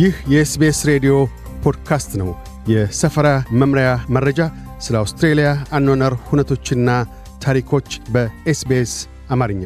ይህ የኤስቤስ ሬዲዮ ፖድካስት ነው። የሰፈራ መምሪያ መረጃ፣ ስለ አውስትሬልያ አኗነር ሁነቶችና ታሪኮች በኤስቤስ አማርኛ።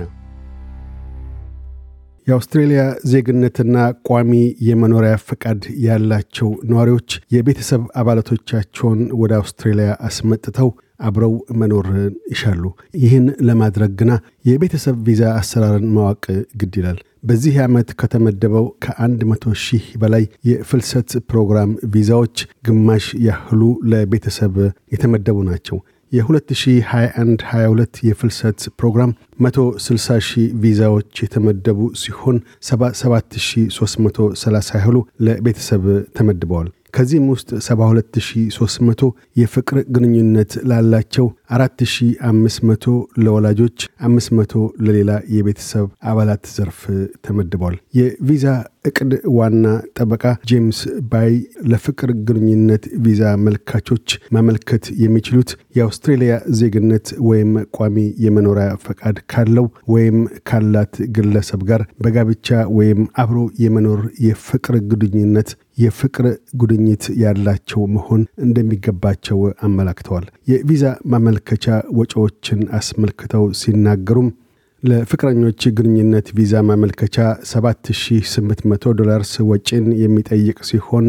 የአውስትሬልያ ዜግነትና ቋሚ የመኖሪያ ፈቃድ ያላቸው ነዋሪዎች የቤተሰብ አባላቶቻቸውን ወደ አውስትሬልያ አስመጥተው አብረው መኖርን ይሻሉ። ይህን ለማድረግ ግና የቤተሰብ ቪዛ አሰራርን ማወቅ ግድ ይላል። በዚህ ዓመት ከተመደበው ከአንድ መቶ ሺህ በላይ የፍልሰት ፕሮግራም ቪዛዎች ግማሽ ያህሉ ለቤተሰብ የተመደቡ ናቸው። የ2021-22 የፍልሰት ፕሮግራም 160 ሺህ ቪዛዎች የተመደቡ ሲሆን 77330 ያህሉ ለቤተሰብ ተመድበዋል። ከዚህም ውስጥ 72300 የፍቅር ግንኙነት ላላቸው፣ 4500 ለወላጆች፣ 500 ለሌላ የቤተሰብ አባላት ዘርፍ ተመድቧል። የቪዛ እቅድ ዋና ጠበቃ ጄምስ ባይ ለፍቅር ግንኙነት ቪዛ መልካቾች ማመልከት የሚችሉት የአውስትሬልያ ዜግነት ወይም ቋሚ የመኖሪያ ፈቃድ ካለው ወይም ካላት ግለሰብ ጋር በጋብቻ ወይም አብሮ የመኖር የፍቅር ግንኙነት የፍቅር ጉድኝት ያላቸው መሆን እንደሚገባቸው አመላክተዋል። የቪዛ ማመልከቻ ወጪዎችን አስመልክተው ሲናገሩም ለፍቅረኞች ግንኙነት ቪዛ ማመልከቻ 7800 ዶላርስ ወጪን የሚጠይቅ ሲሆን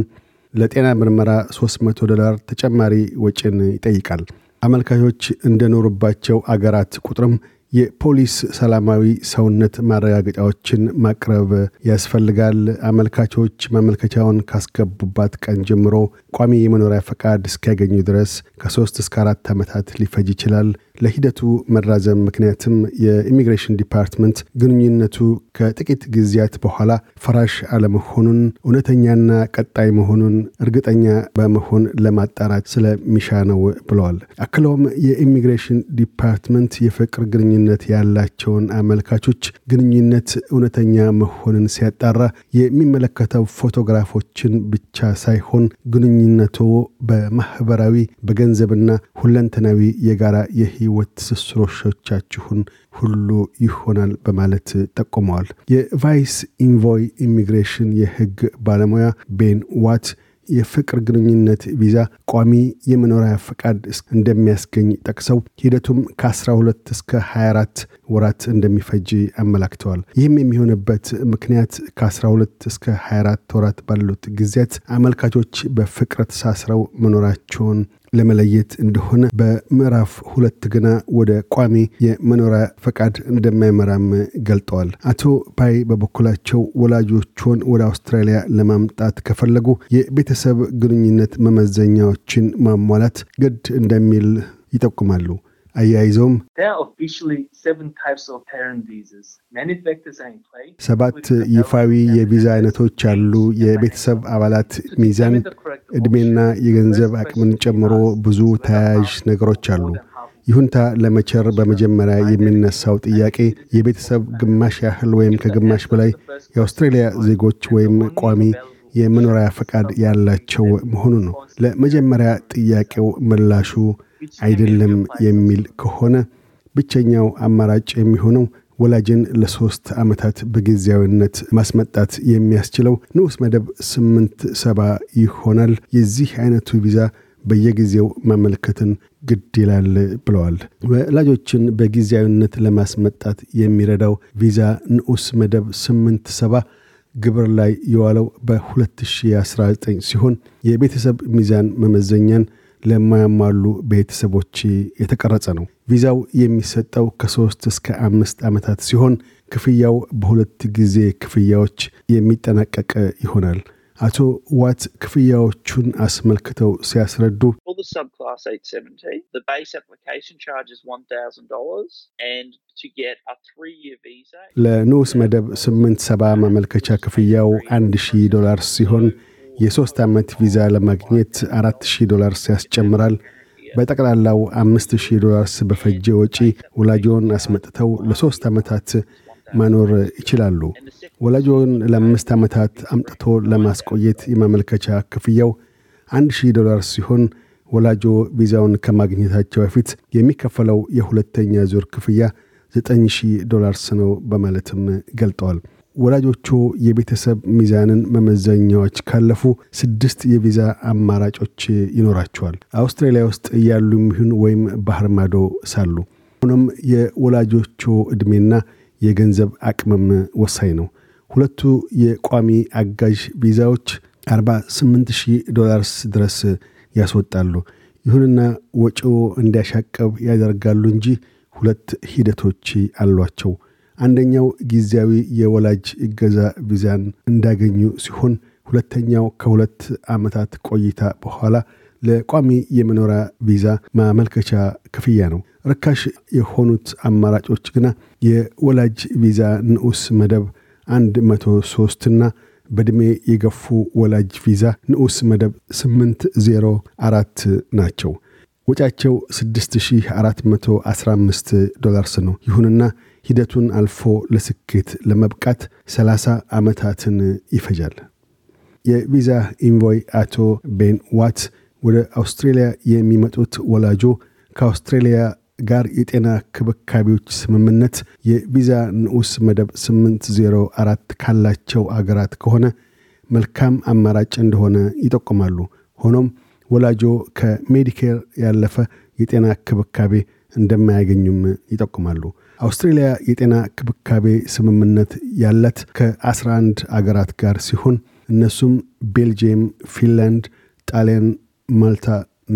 ለጤና ምርመራ 300 ዶላር ተጨማሪ ወጪን ይጠይቃል። አመልካቾች እንደኖሩባቸው አገራት ቁጥርም የፖሊስ ሰላማዊ ሰውነት ማረጋገጫዎችን ማቅረብ ያስፈልጋል። አመልካቾች ማመልከቻውን ካስገቡባት ቀን ጀምሮ ቋሚ የመኖሪያ ፈቃድ እስኪያገኙ ድረስ ከሶስት እስከ አራት ዓመታት ሊፈጅ ይችላል። ለሂደቱ መራዘም ምክንያትም የኢሚግሬሽን ዲፓርትመንት ግንኙነቱ ከጥቂት ጊዜያት በኋላ ፈራሽ አለመሆኑን እውነተኛና ቀጣይ መሆኑን እርግጠኛ በመሆን ለማጣራት ስለሚሻ ነው ብለዋል። አክለውም የኢሚግሬሽን ዲፓርትመንት የፍቅር ግንኙነት ያላቸውን አመልካቾች ግንኙነት እውነተኛ መሆንን ሲያጣራ የሚመለከተው ፎቶግራፎችን ብቻ ሳይሆን ግንኙነቱ በማህበራዊ በገንዘብና ሁለንተናዊ የጋራ የህ የህይወት ትስስሮቻችሁን ሁሉ ይሆናል በማለት ጠቁመዋል። የቫይስ ኢንቮይ ኢሚግሬሽን የህግ ባለሙያ ቤን ዋት የፍቅር ግንኙነት ቪዛ ቋሚ የመኖሪያ ፈቃድ እንደሚያስገኝ ጠቅሰው ሂደቱም ከ12 እስከ 24 ወራት እንደሚፈጅ አመላክተዋል። ይህም የሚሆንበት ምክንያት ከ12 እስከ 24 ወራት ባሉት ጊዜያት አመልካቾች በፍቅር ተሳስረው መኖራቸውን ለመለየት እንደሆነ፣ በምዕራፍ ሁለት ግና ወደ ቋሚ የመኖሪያ ፈቃድ እንደማይመራም ገልጠዋል። አቶ ፓይ በበኩላቸው ወላጆችን ወደ አውስትራሊያ ለማምጣት ከፈለጉ የቤተሰብ ግንኙነት መመዘኛዎችን ማሟላት ግድ እንደሚል ይጠቁማሉ። አያይዘውም ሰባት ይፋዊ የቪዛ አይነቶች አሉ። የቤተሰብ አባላት ሚዛን እድሜና የገንዘብ አቅምን ጨምሮ ብዙ ተያያዥ ነገሮች አሉ። ይሁንታ ለመቸር በመጀመሪያ የሚነሳው ጥያቄ የቤተሰብ ግማሽ ያህል ወይም ከግማሽ በላይ የአውስትሬልያ ዜጎች ወይም ቋሚ የመኖሪያ ፈቃድ ያላቸው መሆኑ ነው። ለመጀመሪያ ጥያቄው ምላሹ አይደለም የሚል ከሆነ ብቸኛው አማራጭ የሚሆነው ወላጅን ለሶስት ዓመታት በጊዜያዊነት ማስመጣት የሚያስችለው ንዑስ መደብ ስምንት ሰባ ይሆናል። የዚህ አይነቱ ቪዛ በየጊዜው ማመልከትን ግድ ይላል ብለዋል። ወላጆችን በጊዜያዊነት ለማስመጣት የሚረዳው ቪዛ ንዑስ መደብ ስምንት ሰባ ግብር ላይ የዋለው በ2019 ሲሆን የቤተሰብ ሚዛን መመዘኛን ለማያሟሉ ቤተሰቦች የተቀረጸ ነው። ቪዛው የሚሰጠው ከሶስት እስከ አምስት ዓመታት ሲሆን ክፍያው በሁለት ጊዜ ክፍያዎች የሚጠናቀቅ ይሆናል። አቶ ዋት ክፍያዎቹን አስመልክተው ሲያስረዱ ለንዑስ መደብ ስምንት ሰባ ማመልከቻ ክፍያው አንድ ሺህ ዶላር ሲሆን የሶስት ዓመት ቪዛ ለማግኘት 400 ዶላርስ ያስጨምራል። በጠቅላላው 5000 ዶላርስ በፈጀ ወጪ ወላጆን አስመጥተው ለሶስት ዓመታት መኖር ይችላሉ። ወላጆን ለአምስት ዓመታት አምጥቶ ለማስቆየት የማመልከቻ ክፍያው 1000 ዶላርስ ሲሆን ወላጆ ቪዛውን ከማግኘታቸው በፊት የሚከፈለው የሁለተኛ ዙር ክፍያ 9000 ዶላርስ ነው በማለትም ገልጠዋል። ወላጆቹ የቤተሰብ ሚዛንን መመዘኛዎች ካለፉ ስድስት የቪዛ አማራጮች ይኖራቸዋል። አውስትራሊያ ውስጥ ያሉ የሚሆን ወይም ባህር ማዶ ሳሉ። ሆኖም የወላጆቹ ዕድሜና የገንዘብ አቅምም ወሳኝ ነው። ሁለቱ የቋሚ አጋዥ ቪዛዎች 48000 ዶላርስ ድረስ ያስወጣሉ። ይሁንና ወጪው እንዲያሻቀብ ያደርጋሉ እንጂ ሁለት ሂደቶች አሏቸው። አንደኛው ጊዜያዊ የወላጅ እገዛ ቪዛን እንዳገኙ ሲሆን ሁለተኛው ከሁለት ዓመታት ቆይታ በኋላ ለቋሚ የመኖሪያ ቪዛ ማመልከቻ ክፍያ ነው። ርካሽ የሆኑት አማራጮች ግና የወላጅ ቪዛ ንዑስ መደብ 103 ና በድሜ የገፉ ወላጅ ቪዛ ንዑስ መደብ 804 ናቸው። ወጫቸው 6415 ዶላርስ ነው። ይሁንና ሂደቱን አልፎ ለስኬት ለመብቃት 30 ዓመታትን ይፈጃል። የቪዛ ኢንቮይ አቶ ቤን ዋት ወደ አውስትሬልያ የሚመጡት ወላጆ ከአውስትሬልያ ጋር የጤና ክብካቤዎች ስምምነት የቪዛ ንዑስ መደብ 804 ካላቸው አገራት ከሆነ መልካም አማራጭ እንደሆነ ይጠቁማሉ። ሆኖም ወላጆ ከሜዲኬር ያለፈ የጤና ክብካቤ እንደማያገኙም ይጠቁማሉ። አውስትሬልያ የጤና ክብካቤ ስምምነት ያላት ከ11 አገራት ጋር ሲሆን እነሱም ቤልጅየም፣ ፊንላንድ፣ ጣሊያን፣ ማልታ፣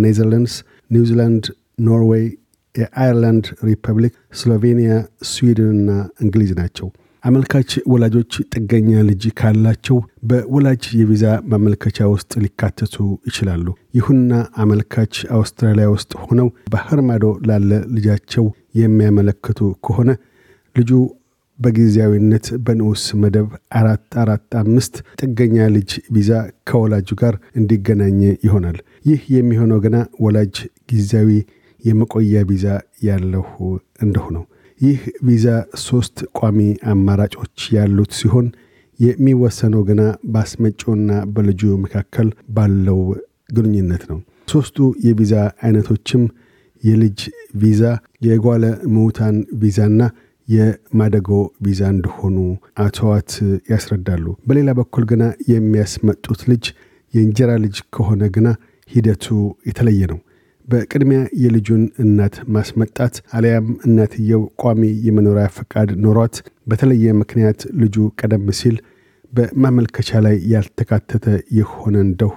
ኔዘርላንድስ፣ ኒውዚላንድ፣ ኖርዌይ፣ የአይርላንድ ሪፐብሊክ፣ ስሎቬንያ፣ ስዊድንና እንግሊዝ ናቸው። አመልካች ወላጆች ጥገኛ ልጅ ካላቸው በወላጅ የቪዛ ማመልከቻ ውስጥ ሊካተቱ ይችላሉ። ይሁንና አመልካች አውስትራሊያ ውስጥ ሆነው ባህር ማዶ ላለ ልጃቸው የሚያመለክቱ ከሆነ ልጁ በጊዜያዊነት በንዑስ መደብ አራት አራት አምስት ጥገኛ ልጅ ቪዛ ከወላጁ ጋር እንዲገናኝ ይሆናል። ይህ የሚሆነው ገና ወላጅ ጊዜያዊ የመቆያ ቪዛ ያለሁ እንደሆነው ይህ ቪዛ ሶስት ቋሚ አማራጮች ያሉት ሲሆን የሚወሰነው ግና በአስመጪውና በልጁ መካከል ባለው ግንኙነት ነው። ሶስቱ የቪዛ አይነቶችም የልጅ ቪዛ፣ የጓለ ምውታን ቪዛና የማደጎ ቪዛ እንደሆኑ አቶዋት ዋት ያስረዳሉ። በሌላ በኩል ግና የሚያስመጡት ልጅ የእንጀራ ልጅ ከሆነ ግና ሂደቱ የተለየ ነው። በቅድሚያ የልጁን እናት ማስመጣት አሊያም እናትየው ቋሚ የመኖሪያ ፈቃድ ኖሯት በተለየ ምክንያት ልጁ ቀደም ሲል በማመልከቻ ላይ ያልተካተተ የሆነ እንደሁ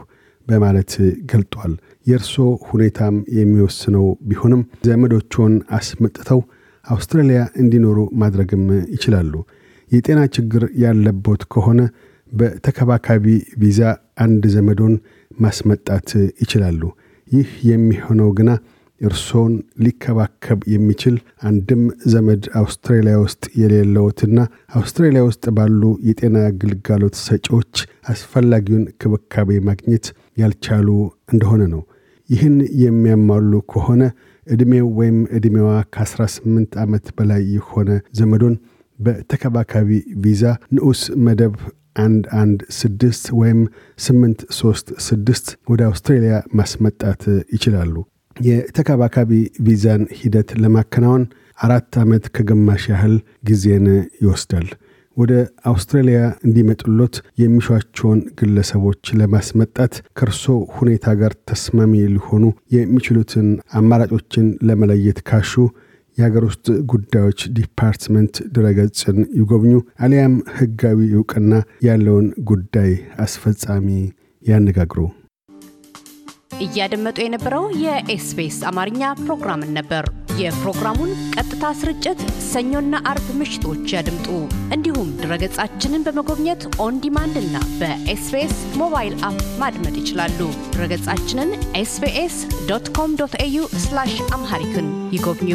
በማለት ገልጧል። የእርሶ ሁኔታም የሚወስነው ቢሆንም ዘመዶቹን አስመጥተው አውስትራሊያ እንዲኖሩ ማድረግም ይችላሉ። የጤና ችግር ያለቦት ከሆነ በተከባካቢ ቪዛ አንድ ዘመዶን ማስመጣት ይችላሉ። ይህ የሚሆነው ግና እርሶን ሊከባከብ የሚችል አንድም ዘመድ አውስትራሊያ ውስጥ የሌለውትና አውስትራሊያ ውስጥ ባሉ የጤና ግልጋሎት ሰጪዎች አስፈላጊውን ክብካቤ ማግኘት ያልቻሉ እንደሆነ ነው። ይህን የሚያሟሉ ከሆነ ዕድሜው ወይም ዕድሜዋ ከ18 ዓመት በላይ የሆነ ዘመዶን በተከባካቢ ቪዛ ንዑስ መደብ አንድ አንድ ስድስት ወይም ስምንት ሶስት ስድስት ወደ አውስትሬልያ ማስመጣት ይችላሉ። የተከባካቢ ቪዛን ሂደት ለማከናወን አራት ዓመት ከግማሽ ያህል ጊዜን ይወስዳል። ወደ አውስትራሊያ እንዲመጡሎት የሚሿቸውን ግለሰቦች ለማስመጣት ከእርሶ ሁኔታ ጋር ተስማሚ ሊሆኑ የሚችሉትን አማራጮችን ለመለየት ካሹ የሀገር ውስጥ ጉዳዮች ዲፓርትመንት ድረገጽን ይጎብኙ፣ አሊያም ህጋዊ እውቅና ያለውን ጉዳይ አስፈጻሚ ያነጋግሩ። እያደመጡ የነበረው የኤስቢኤስ አማርኛ ፕሮግራምን ነበር። የፕሮግራሙን ቀጥታ ስርጭት ሰኞና አርብ ምሽቶች ያድምጡ። እንዲሁም ድረገጻችንን በመጎብኘት ኦን እና በኤስቢኤስ ሞባይል አፕ ማድመጥ ይችላሉ። ድረገጻችንን ኤስቢኤስ ኮም ዶት ኤዩ አምሃሪክን ይጎብኙ።